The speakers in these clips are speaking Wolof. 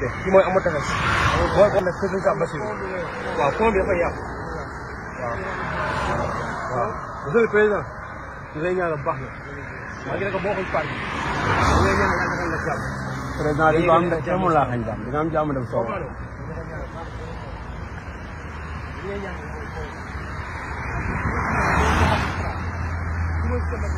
de fii mooy amul tefes. boo boo nag kër Sëñ Saam Basiru waaw pont bi dafay yàqu waaw waaw. monsieur le président ñu lay ñaanal baax na maa ngi nekk bokkul parti ñu lay ñaanal yàlla defal la jàmm. président li nga am ndax amul laa xañ jàmm dina am jàmm dem soow Thank you.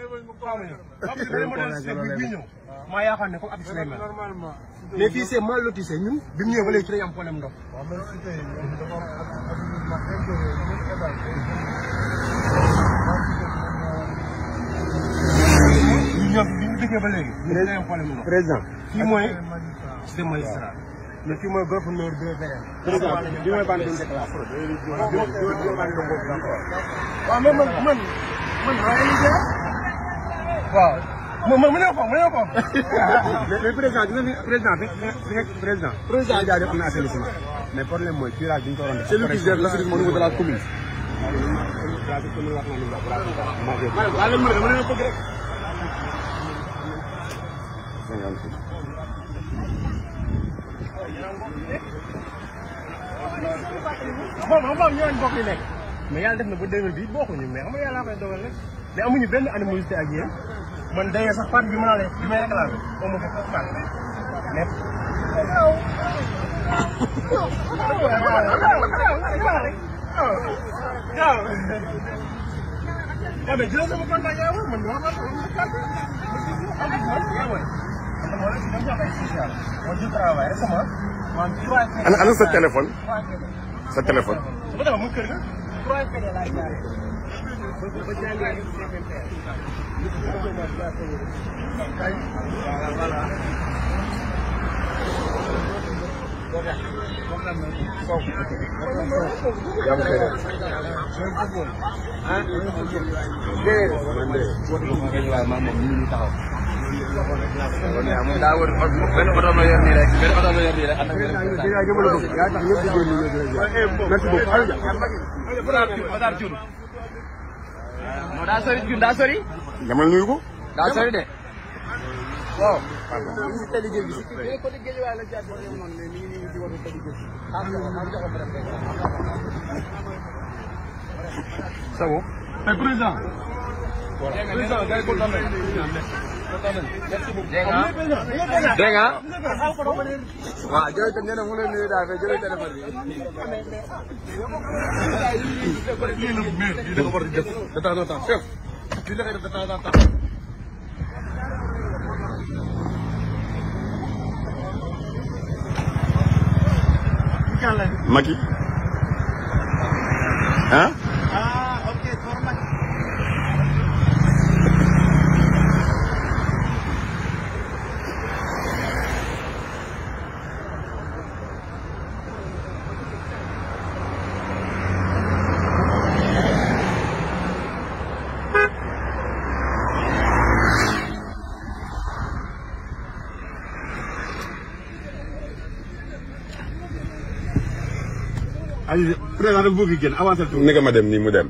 maa yaakaar ne comme Abdou Souleymane mais fii c'est mal lotissé ñun bi mu ñëwee ba léegi ci lañ am problème ndox. ñoom bi ñu dëkkee ba léegi. ñu ngi am problème ndox président kii mooy. c'est magistrat mais kii mooy groupe nord de VN. président bi mooy bande de classe. waaw man man man maa ngi liggéey waaw mu mu ñëw foofu mu ñëw foofu. mais président bi nga président bi président. président bi jaajëf am na assainissement. mais problème mooy curage bi ñu ko waroon def. c'est lui qui gère l'assainissement au niveau de la commune. moom moom ñoo leen bokk di nekk mais yàlla def na ba 2008 bokkuñu mais xam nga yàlla koy dogal rek mais amuñu benn animosité ak yéen. man dañoo sax part bi ma la bi may réclamé au moins foofu part mais. ah mais jëlal sama contact yaa woon man maa maa ana sa téléphone. sa téléphone. trois fere laa jaar ba jàngee ak CPPR. voilà voilà. ah. déedéet. waaye maa moom ñu ngi taxaw. muy daa wër benn oto la yor nii rek benn oto la yor nii rek ànd ak benn merci beaucoup. non daa sori Diouf daa sori. jamal nuyu ko. daa sori de. waaw. c'est bon. mais président. président dégg nga dégg nga mu la miir lii da ko war a jëf de temps président dafa bëgg génn avancé. ni nga ma dem nii mu dem.